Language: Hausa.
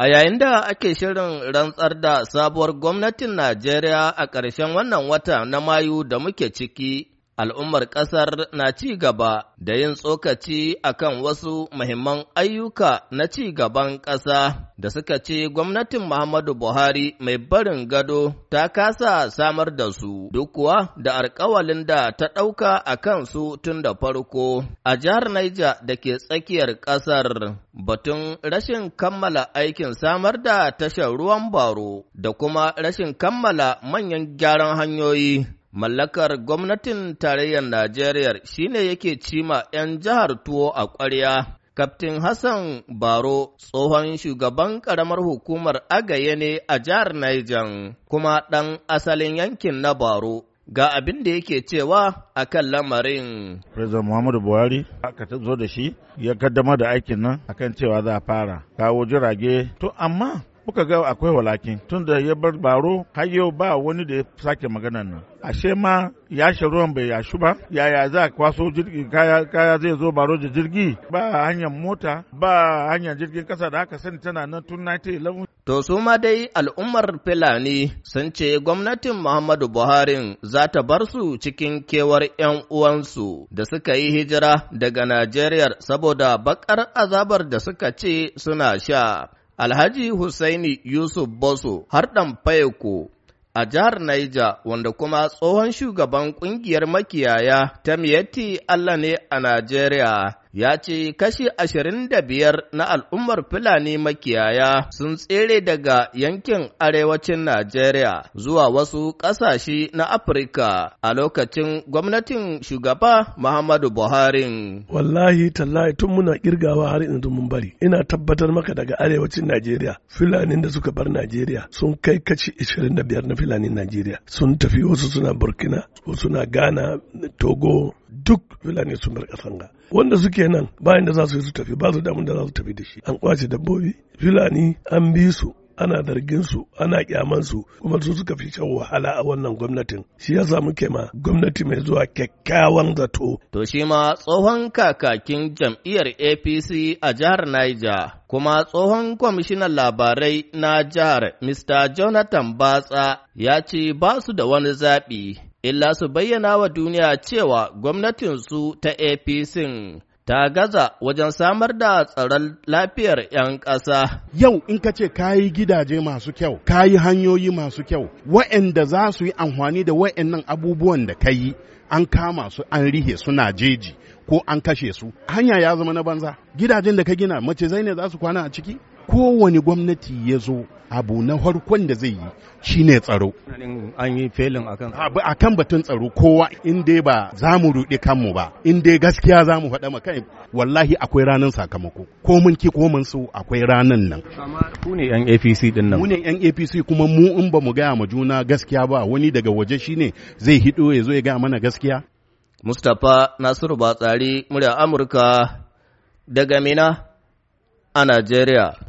A yayin da ake shirin rantsar da sabuwar gwamnatin Najeriya a ƙarshen wannan wata na Mayu da muke ciki, al'ummar ƙasar na ci gaba da yin tsokaci akan wasu muhimman ayyuka na ci gaban ƙasa da suka ce gwamnatin Muhammadu Buhari mai barin gado ta kasa samar da su, duk kuwa da alkawalin da ta ɗauka a kan su tun da farko. A jihar Naija da ke tsakiyar ƙasar batun rashin kammala aikin samar da tashar ruwan baro da kuma rashin kammala manyan gyaran hanyoyi. mallakar gwamnatin tarayyar Najeriya shine yake cima 'yan jihar tuwo a ƙwarya. Kaftin Hassan Baro tsohon shugaban ƙaramar hukumar Agaye ne a jihar Niger kuma ɗan asalin yankin na Baro. Ga abin da yake cewa a kan lamarin. President Muhammadu Buhari aka zo da shi ya kaddama da aikin nan akan cewa za a fara kawo jirage to amma muka ga akwai walakin tun ya bar baro har yau ba wani da ya sake maganan nan ashe ma yashe ruwan bai yashi ba yaya za a kwaso kaya zai zo baro da jirgi ba hanyar mota ba hanyar jirgin kasa da aka sani tana nan tun 1911 To su ma dai al'ummar Fulani sun ce gwamnatin Muhammadu Buhari za ta bar su cikin kewar ‘yan uwansu da suka yi hijira daga Najeriya saboda bakar azabar da suka ce suna sha. Alhaji Hussaini Yusuf Boso har ɗan Fayeko a jihar Naija wanda kuma tsohon shugaban ƙungiyar makiyaya ta Miyetti Allah ne a Najeriya ya ce kashi ashirin da biyar na al'ummar Fulani makiyaya sun tsere daga yankin arewacin Najeriya zuwa wasu ƙasashe na Afirka a lokacin gwamnatin shugaba Muhammadu Buhari. Wallahi tallahi tun muna kirgawa har yanzu mun bari. Ina tabbatar maka daga arewacin Najeriya Fulani da suka bar Najeriya sun kai kashi ashirin da biyar na Fulani Najeriya sun tafi wasu suna Burkina wasu suna Ghana Togo duk Fulani sun bar ƙasan wanda suke nan bayan da za su yi su tafi ba su damun da za su tafi da shi an kwace dabbobi filani an bi su ana zargin su ana kyaman su kuma su suka fi shan wahala a wannan gwamnatin shi yasa muke ma gwamnati mai zuwa kyakkyawan zato to shi ma tsohon kakakin jam'iyyar APC a jihar Niger kuma tsohon kwamishinan labarai na jihar Mr Jonathan Batsa ya ce ba su da wani zaɓi illa su bayyana wa duniya cewa gwamnatinsu ta APC ta gaza wajen samar da tsaron lafiyar 'yan ƙasa. Yau in ka ce ka yi gidaje masu kyau, kayi hanyoyi masu kyau, wa'yanda za su yi amfani da wa'yannan abubuwan da ka yi, an kama su an rihe suna jeji ko an kashe su. Hanya ya zama na banza. Gidajen da ka gina mace zai ne za su kwana a ciki? kowane gwamnati ya zo abu na harkon da zai yi shine tsaro an yi felin akan abu akan batun tsaro kowa in dai ba za mu rudi kanmu ba in dai gaskiya za mu faɗa maka wallahi akwai ranar sakamako ko mun ki ko mun so akwai ranar nan ku ne yan APC din nan mu ne yan APC kuma mu in ba mu gaya ma juna gaskiya ba wani daga waje shine zai hido ya zo ya ga mana gaskiya Mustapha Nasiru Batsari murya Amurka daga Mina a Najeriya